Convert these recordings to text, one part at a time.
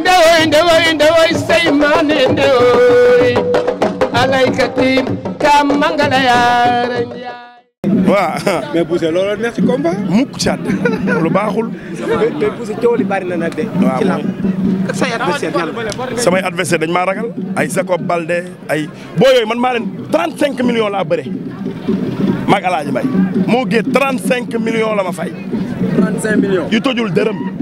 ndewoy ndewoy ndewoy say mane ndewoy alaykatim kam mangala yaara waaw mais Boucher looloo neex ci combat. mukk cat lu baaxul. mais Boucher coow li bari na nag de. waaw ci làmb say adversaire ñan samay adversaire dañ maa ragal ay Jacob Balde ay boo yooyu man maa leen 35 millions laa bëre maag Alaaji Mbay moo géet 35 millions la ma fay. 35 millions yu tojul dërëm.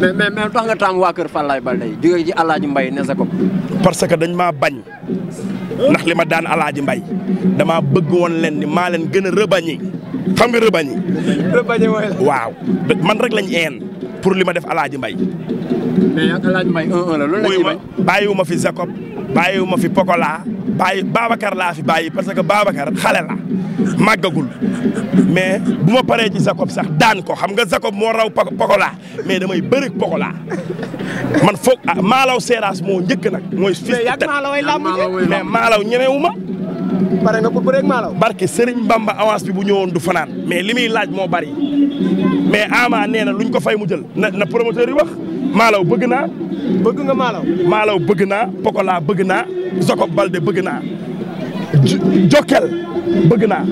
mais mais mais tax nga taam waa kër Fallaye Balde yi jóge ci Mbay ne sa ko. parce que dañ maa bañ ndax li ma daan Alaaji Mbay dama bëgg woon leen ni maa leen gën a rëbañi xam nga rëbañi. rëbañi waaw man rek lañ een pour li ma def Alaaji Mbay. mais yaa Alaaji Mbay 1-1 la loolu la ñuy bañ bàyyiwuma fi Jacob bàyyiwu ma fi Pokola bàyyi Babacar laa fi bàyyi parce que Babacar xale la màggagul mais bu ma paree ci Jacob sax daan ko xam nga Jacob moo raw Pokola mais damay bëri Pokola man foog ah Malaw moo njëkk nag. mooy fii mais Malaw ñemewu ma. pare nga ko bëreeg Malaw. barke Serigne Bamba avance bi bu ñëwoon du fanaan mais li muy laaj moo bari mais Ama nee na luñ ko fay mu jël na na promoteur yi wax. maalaw bëgg na bëgg nga maalaw. maalaw bëgg naa Pokola bëgg naa Jacob Balde bëgg naa jokel bëgg na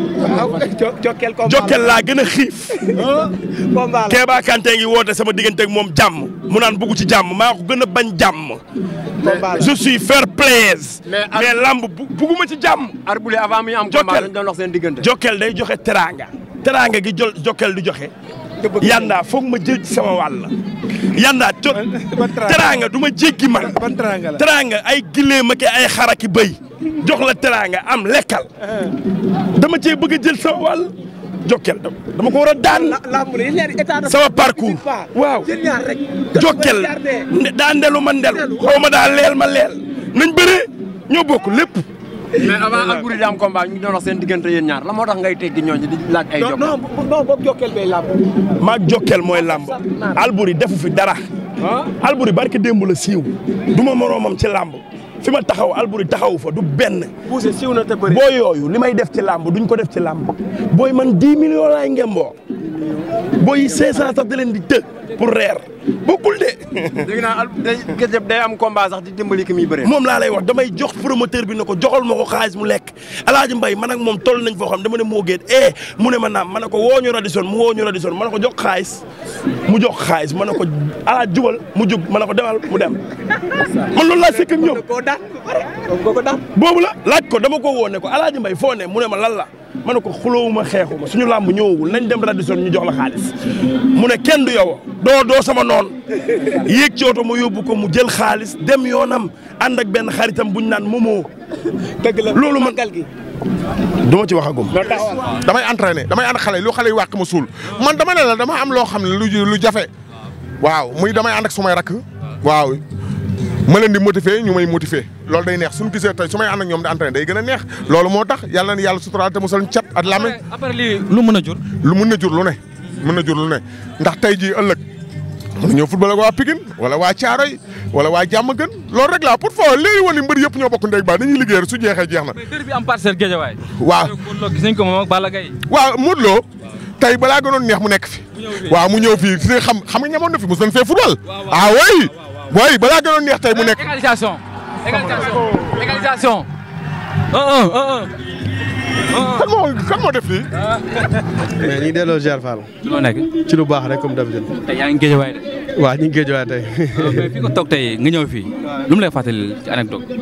Jokkel comme laa gën a xiif. Ah, Kéba Kanté ngi woote sama digganteeg moom jàmm mu naan bugg ci jàmm maa ko gën a bañ jàmm. je suis fair play mais lamb bugguma ci jàmm. Arboulé avant muy am combat seen diggante. Jokkel day joxe teraanga. teraanga gi jol Jokkel du joxe. yanda foog ma jël ci sama wàll. yandaat co teraanga duma ma jéggi man teraanga ay gileem ak ay xaraki bëy jox la teraanga am lekkal eh. dama cee bëgg a jël sama wàll Jokkel dama ko war a daan sama parcours waaw Jokkel daa ndelu ma ndelu xaw ma daa leel nañ bëre ñoo bokk lépp mais avant ak Boury daam combat ñu ngi tax ngay teggi ñooñu di laaj ay jokkal non non boog jokkal bay làmb maa jokkal mooy làmb Alboury defu fi dara Alboury barke démb la siiw du ma moroomam ci làmb fi ma taxaw Alboury taxawu fa du benn poussé siiw na te bëri booy yooyu li may def ci làmb duñ ko def ci làmb booy man 10 millions laay ngemboo booy 500 sa da leen di të pour reer bokkul de. dégg naa day day am combat di dimbali ki muy bëree. moom laa lay wax damay jox promoteur bi ne ko joxol ma ko xaalis mu lekk El Hadj Mbaye man ak moom toll nañ foo xam dama ne moo géet eh mu ne ma naam ma ne ko woo ñu Radisson mu woo ñu Radisson ma ne ko jox xaalis mu jox xaalis ma ne ko El Hadj mu jub ma ne ko demal mu dem. man loolu laa sekk ak ñoom. boobu la laaj ko dama ko woo ne ko El Hadj Mbaye foo ne mu ne ma lan la. ma ne ko xuloowuma xeexuma suñu làmb ñëwagul nañ dem radisson ñu jox la xaalis mu ne kenn du yow doo doo sama noon yéeg ci oto ma yóbbu ko mu jël xaalis dem yoonam ànd ak benn xaritam buñ naan moomoo. dëgg la loolu man du ma ci waxagum. damay entraîné damay ànd xale lu xale yi wàq ma suul man dama ne dama am loo xam ne lu lu jafe waaw muy damay ànd ak sumay rakk waaw. ma leen di motiver ñu may motiver loolu day neex suñu gisee tey su may ànd ak ñoom di entraîné day gën a neex loolu moo tax yàlla na yàlla suturaal te musal cat a jur. lu mën a jur lu ne. a jur lu ne ndax tey jii ëllëg mën na ñëw football waa Pikine wala waa Thiaroye wala waa Diamaguène loolu rek la pour foofu léegi woon ni mbër yëpp ñoo bokk ndeg baa dañuy liggéey su jeexee jeex na. mais dër bi am parcelle Guédiawaye. waaw gis nañ ko moom ak Balla Gaye. waaw neex mu nekk fi. waaw mu ñëw fii xam xam nga ñamoon na fi mos nañ fee football ah way waaye balaa gënoon neex tey mu nekk. égalisation égalisation kan moo def lii. mais ñu ngi delloo Gère Fall. ci nekk ci lu baax rek comme d'habitude. tey yaa ngi géej waay de. waaw géej waay ah, tey. nga ñëw fii lu mu lay fàttali ci anecdote.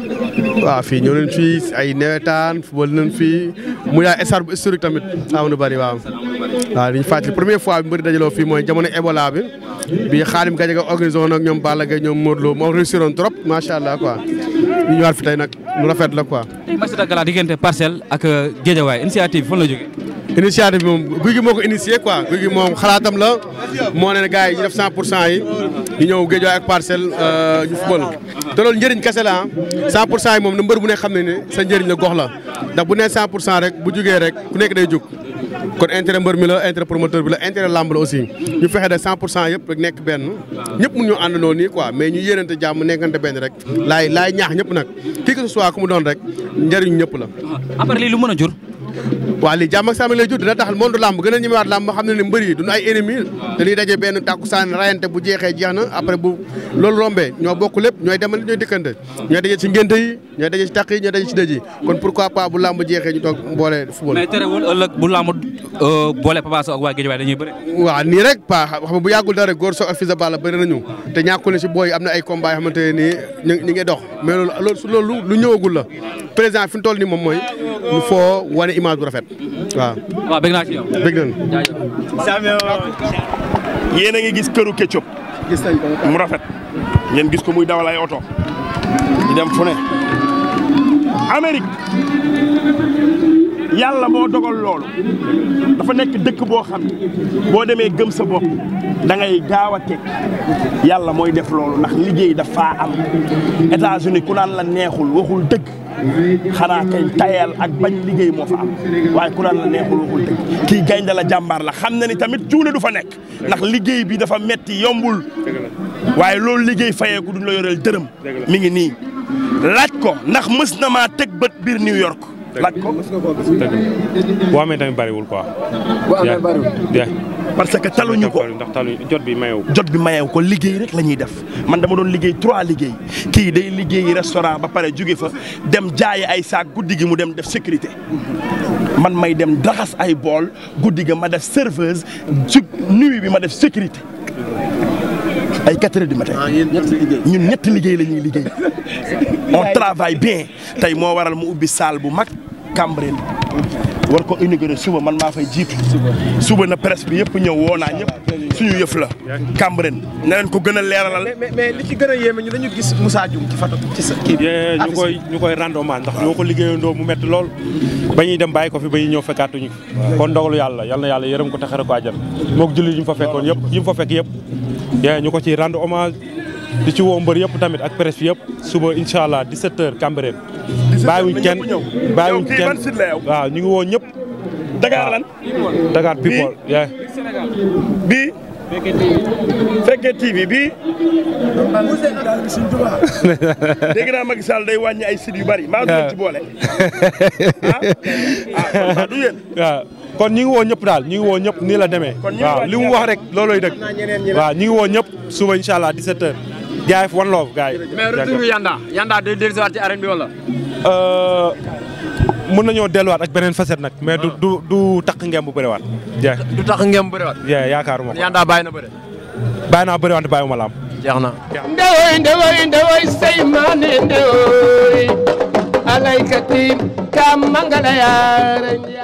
waaw fii ñëw nañ fii ay nawetaan football nañ fii mu yaay estar bu tamit am na bari waaw. waaw li ñu fàttali première fois bi mbëri dajaloo fii mooy jamono Ebola bi. bi xaalim Gadiaga organisé woon ak ñoom Balla Gaye ñoom Modou Lo moo réussir woon trop macha allah quoi ñu ñëwaat fi tey nag lu rafet la quoi. marché Dagala diggante parcel ak Guédiawaye initiative fan la jógee. initiative bi moom guy gi moo ko initié quoi guy gi moom xalaatam la moo ne gars yi ñu def 100 pour cent ñu ñëw Guédiawaye ak parcelle euh, ñu football te loolu njëriñ kese la ah 100 pour moom na mbër mu ne xam ne ne sa njëriñ la gox la ndax bu ne 100 pour cent rek bu jugee rek ku nekk day jug. kon intérêt mbër mi la intérêt promoteur bi la intérêt làmb la aussi ñu fexe de 100 pour cent yëpp nekk benn ñëpp mun ñoo àndandoo nii quoi mais ñu yéenante jàmm nekkante benn rek laay laay ñaax ñëpp nag kii que ce soit doon rek njëriñ ñëpp la a jur waaw lii jàmm ak saama lay a ñemewaat làmb xam ne ne mbër yi duñu ay ennemis dañuy daje benn bokk lépp ñooy demal ñooy dikkante ñooy daje ci ngénte yi ñooy daje ci tàq yi ñooy daje ci dëj yi kon pourquoi jeexee ñu toog boole football bu làmb euh, boole Papa Sow ak waa Guédiawaye dañuy bëri waaw nii rek pa xam bu yàggul dara góor Sow ak Fils de Balla bëri nañu te ñàkkul ne ci booy am na ay combat yoo xamante ne nii ñu ñu ngi dox mais loolu loolu su loolu lu ñëwagul la président fi mu toll nii moom mooy ñu foo wane image bu rafet Mm-hmm. waaw. waaw bëgg naa ci yow. bëgg nañu. jaajëf. yéen a ngi gis këru Ketchup. gis nañ ko mu rafet. ngeen gis ko muy dawal ay oto. ñu dem fu ne. yàlla moo dogal loolu dafa nekk dëkk boo xam ne boo demee gëm sa bopp da ngay gaaw a teg yàlla mooy def loolu ndax liggéey dafaa am États-Unis ku naan la neexul waxul dëgg xanaa kay tayal ak bañ liggéey moo fa am waaye ku naan la neexul waxul dëgg kii gaynde la jàmbaar la xam na ni tamit cuune du fa nekk ndax liggéey bi dafa metti yombul waaye loolu liggéey fayeeku duñ la yoreel dërëm mi ngi nii laaj ko ndax mës na ma teg bët biir New York laaj ko. boo amee tamit bariwul quoi. boo amee bariwul parce que taluñu ko ndax taluñu jot bi mayewu jot bi mayewu ko liggéey rek la ñuy def man dama doon liggéey trois liggéey kii day liggéey restaurant ba pare jóge fa dem jaayi ay saak guddi gi mu dem def sécurité man may dem raxas ay bool guddi ga ma def serveuse ci nuit bi ma def sécurité. ay 4 heures du matin ah, ñun ñett liggéey la liggéey on travaille bien tey moo waral mu ubbi salle bu mag Cambérène war ko inaugurer suba man maa fay jiitu suba na presse bi yëpp ñëw woo naa ñëpp suñu yëf la Cambérène na leen ko gën a mais li ci gën a ñu dañu gis Moussa Dioum ci photo ci sa kii ñu koy ñu koy rendre hommage ndax ñoo ko liggéeyandoo mu metti lool ba ñuy dem bàyyi ko fi ba ñuy ñëw fekkaatuñu kon ndogalu yàlla yal na yàlla yërëm ko taxare ko àjjana mook julli ñu fa fekkoon yëpp yi fa fekk yëpp Ya ñu ko ci rendre hommage di ci wo mbeur yëpp tamit ak presse yëpp suba inshallah allah 17h Cambérène. 17 ken bàyyiwuñ ken wa ñu ngi wo ñëpp. Dakar lan Dakar people ya, bi fekkee TV bi dégg naa Macky Sall day wàññi ay sites yu bari maa ngi ci boole. ah, ah kon ñi ngi woo ñëpp daal ñi ngi woo ñëpp ni la demee waaw li mu wax rek looloy dëgg waaw ñi ngi woo ñëpp suba incha allah 17 heures gaay one love gaay mais retour yanda yanda day dellusiwaat ci arène bi wala euh mën nañoo delluwaat ak beneen facette nak mais du du du takk ngem bu bëriwaat du tak ngem bu bëriwaat ya yaakaaruma yanda bàyyi na bayina bàyyi naa bëriwaat bàyyi ma laam jeex na ndewoy ndewoy ndewoy say maane ndewoy alaykati kam mangala yaar